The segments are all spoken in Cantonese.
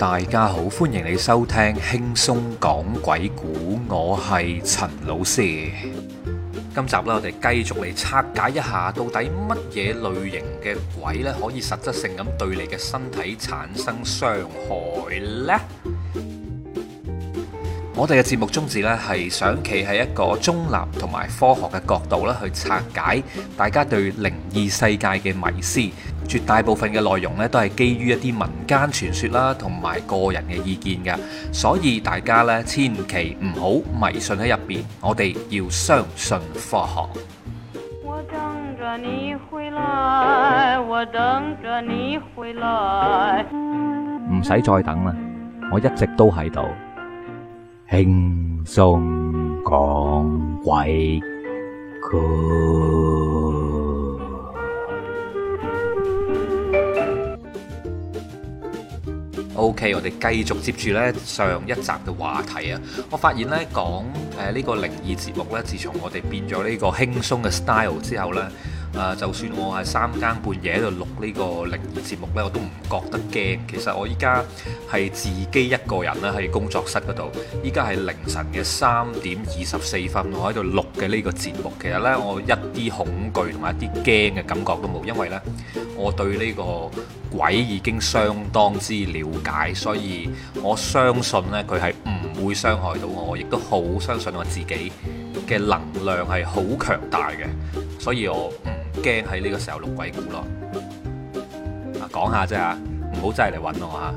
大家好，歡迎你收聽輕鬆講鬼故，我係陳老師。今集啦，我哋繼續嚟拆解一下，到底乜嘢類型嘅鬼咧，可以實質性咁對你嘅身體產生傷害咧？我哋嘅節目宗旨咧，係想企喺一個中立同埋科學嘅角度咧，去拆解大家對靈異世界嘅迷思。絕大部分嘅內容呢都係基於一啲民間傳說啦，同埋個人嘅意見嘅，所以大家呢千祈唔好迷信喺入邊，我哋要相信科學。我等著你回來，我等著你回來。唔使再等啦，我一直都喺度輕鬆講鬼故。O.K.，我哋繼續接住呢上一集嘅話題啊！我發現呢講誒呢個靈異節目呢，自從我哋變咗呢個輕鬆嘅 style 之後呢。啊！就算我係三更半夜喺度錄呢個靈異節目，呢我都唔覺得驚。其實我依家係自己一個人啦，喺工作室嗰度。依家係凌晨嘅三點二十四分，我喺度錄嘅呢個節目。其實呢，我一啲恐懼同埋一啲驚嘅感覺都冇，因為呢，我對呢個鬼已經相當之了解，所以我相信呢，佢係唔會傷害到我，亦都好相信我自己嘅能量係好強大嘅，所以我驚喺呢個時候錄鬼故咯啊！講下啫嚇，唔好真係嚟揾我嚇。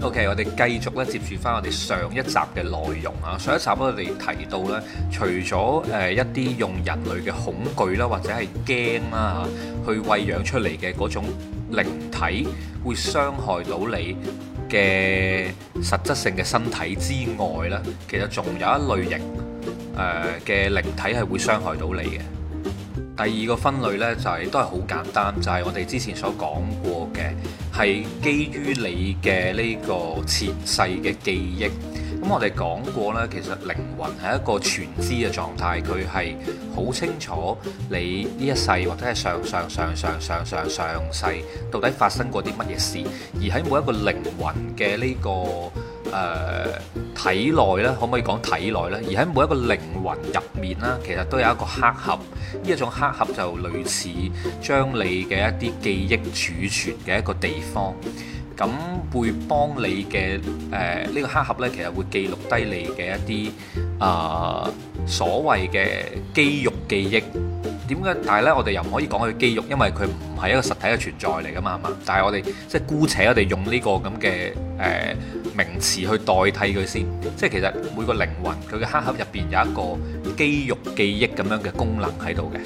o、okay, K，我哋繼續咧，接住翻我哋上一集嘅內容啊。上一集我哋提到呢，除咗誒一啲用人類嘅恐懼啦，或者係驚啦，去餵養出嚟嘅嗰種靈體，會傷害到你嘅實質性嘅身體之外呢，其實仲有一類型誒嘅靈體係會傷害到你嘅。第二個分類呢，就係、是、都係好簡單，就係、是、我哋之前所講過嘅，係基於你嘅呢個前世嘅記憶。咁我哋講過咧，其實靈魂係一個全知嘅狀態，佢係好清楚你呢一世或者係上上上上上上上上上世到底發生過啲乜嘢事，而喺每一個靈魂嘅呢、這個。誒、呃、體內咧，可唔可以講體內咧？而喺每一個靈魂入面啦，其實都有一個黑盒，呢一種黑盒就類似將你嘅一啲記憶儲存嘅一個地方，咁會幫你嘅誒呢個黑盒呢，其實會記錄低你嘅一啲啊、呃、所謂嘅肌肉記憶。點解？但係咧，我哋又唔可以講佢肌肉，因為佢唔係一個實體嘅存在嚟噶嘛，係嘛？但係我哋即係姑且我哋用呢個咁嘅誒名詞去代替佢先。即係其實每個靈魂佢嘅黑盒入邊有一個肌肉記憶咁樣嘅功能喺度嘅，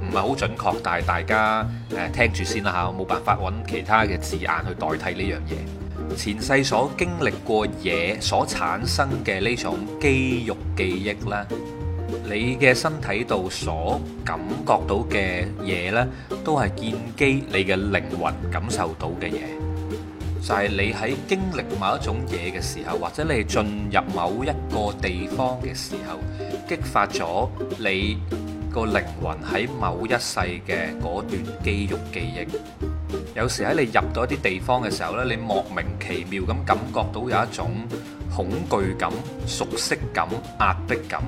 唔係好準確，但係大家誒、呃、聽住先啦嚇，我冇辦法揾其他嘅字眼去代替呢樣嘢。前世所經歷過嘢所產生嘅呢種肌肉記憶咧。你嘅身體度所感覺到嘅嘢呢，都係建基你嘅靈魂感受到嘅嘢。就係你喺經歷某一種嘢嘅時候，或者你係進入某一個地方嘅時候，激發咗你個靈魂喺某一世嘅嗰段肌肉記憶。有時喺你入到一啲地方嘅時候呢，你莫名其妙咁感覺到有一種恐懼感、熟悉感、壓迫感。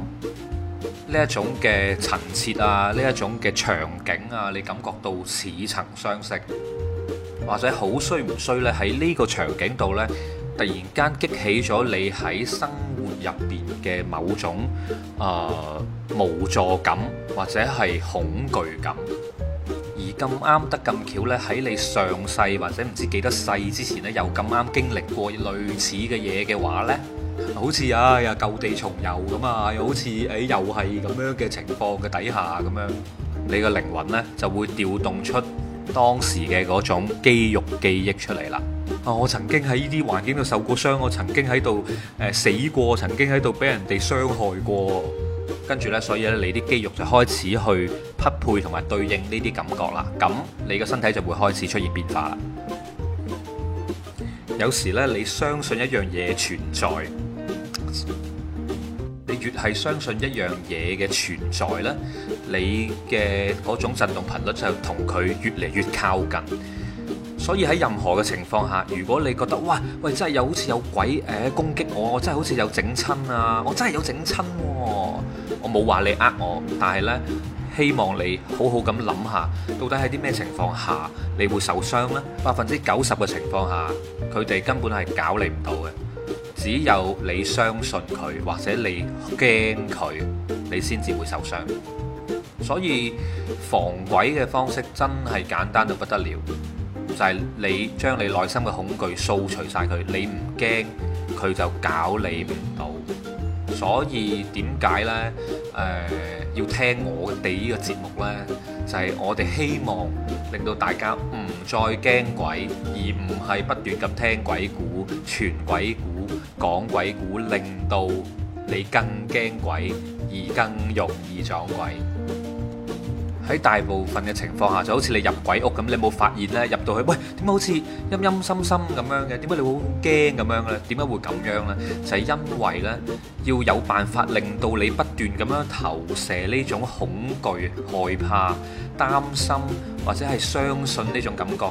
呢一種嘅層次啊，呢一種嘅場、啊、場景啊，你感覺到似曾相識，或者好衰唔衰呢？喺呢個場景度呢，突然間激起咗你喺生活入邊嘅某種啊、呃、無助感，或者係恐懼感。而咁啱得咁巧呢，喺你上世或者唔知幾多世之前呢，又咁啱經歷過類似嘅嘢嘅話呢。好似啊又舊地重遊咁啊，又好似誒、哎、又係咁樣嘅情況嘅底下咁樣，你個靈魂呢，就會調動出當時嘅嗰種肌肉記憶出嚟啦。啊、哦，我曾經喺呢啲環境度受過傷，我曾經喺度誒死過，曾經喺度俾人哋傷害過，跟住呢，所以咧你啲肌肉就開始去匹配同埋對應呢啲感覺啦。咁你嘅身體就會開始出現變化啦。有時呢，你相信一樣嘢存在。你越係相信一樣嘢嘅存在咧，你嘅嗰種震動頻率就同佢越嚟越靠近。所以喺任何嘅情況下，如果你覺得哇，喂，真係有好似有鬼誒攻擊我，我真係好似有整親啊，我真係有整親喎。我冇話你呃我，但係咧，希望你好好咁諗下，到底喺啲咩情況下你會受傷咧？百分之九十嘅情況下，佢哋根本係搞你唔到嘅。只有你相信佢，或者你驚佢，你先至會受傷。所以防鬼嘅方式真係簡單到不得了，就係、是、你將你內心嘅恐懼掃除晒佢，你唔驚，佢就搞你唔到。所以點解咧？誒、呃、要聽我哋呢個節目咧，就係、是、我哋希望令到大家唔再驚鬼，而唔係不斷咁聽鬼故、傳鬼故。講鬼故令到你更驚鬼，而更容易撞鬼。喺大部分嘅情況下，就好似你入鬼屋咁，你冇發現呢？入到去，喂，點解好似陰陰森森咁樣嘅？點解你會好驚咁樣咧？點解會咁樣咧？就係因為呢，要有辦法令到你不斷咁樣投射呢種恐懼、害怕、擔心或者係相信呢種感覺。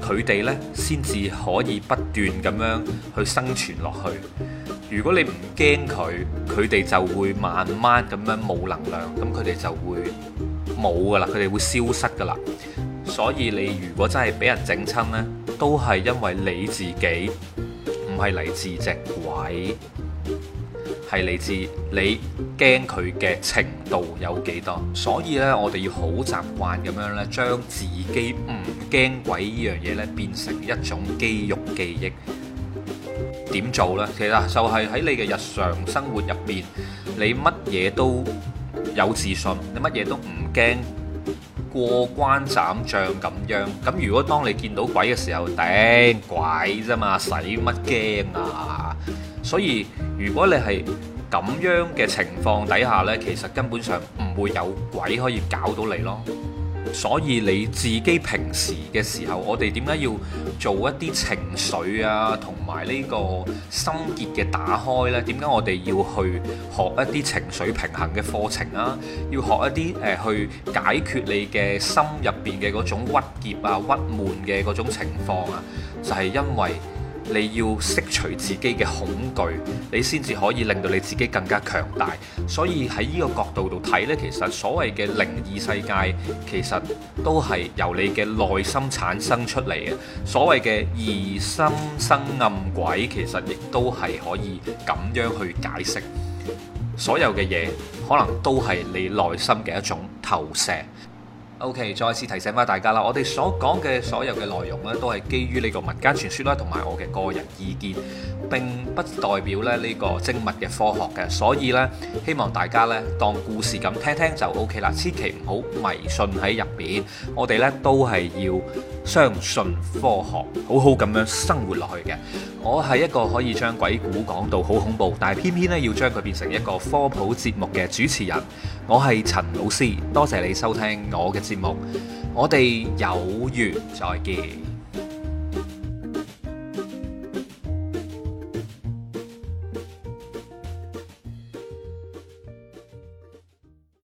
佢哋呢，先至可以不斷咁樣去生存落去。如果你唔驚佢，佢哋就會慢慢咁樣冇能量，咁佢哋就會冇噶啦，佢哋會消失噶啦。所以你如果真係俾人整親呢，都係因為你自己，唔係嚟自隻鬼。係嚟自你驚佢嘅程度有幾多，所以呢，我哋要好習慣咁樣呢，將自己唔驚鬼呢樣嘢呢，變成一種肌肉記憶。點做呢？其實就係喺你嘅日常生活入邊，你乜嘢都有自信，你乜嘢都唔驚。過關斬將咁樣，咁如果當你見到鬼嘅時候，頂、呃、鬼啫嘛，使乜驚啊？所以如果你係咁樣嘅情況底下呢，其實根本上唔會有鬼可以搞到你咯。所以你自己平時嘅時候，我哋點解要做一啲情緒啊，同埋呢個心結嘅打開咧？點解我哋要去學一啲情緒平衡嘅課程啊？要學一啲誒、呃、去解決你嘅心入邊嘅嗰種鬱結啊、鬱悶嘅嗰種情況啊，就係、是、因為。你要剔除自己嘅恐懼，你先至可以令到你自己更加強大。所以喺呢個角度度睇呢，其實所謂嘅靈異世界，其實都係由你嘅內心產生出嚟嘅。所謂嘅疑心生暗鬼，其實亦都係可以咁樣去解釋。所有嘅嘢可能都係你內心嘅一種投射。OK，再次提醒翻大家啦，我哋所講嘅所有嘅內容呢，都係基於呢個民間傳說啦，同埋我嘅個人意見。並不代表咧，呢個精密嘅科學嘅，所以呢，希望大家呢，當故事咁聽聽就 OK 啦，千祈唔好迷信喺入邊。我哋呢，都係要相信科學，好好咁樣生活落去嘅。我係一個可以將鬼故講到好恐怖，但係偏偏呢，要將佢變成一個科普節目嘅主持人。我係陳老師，多謝你收聽我嘅節目，我哋有緣再見。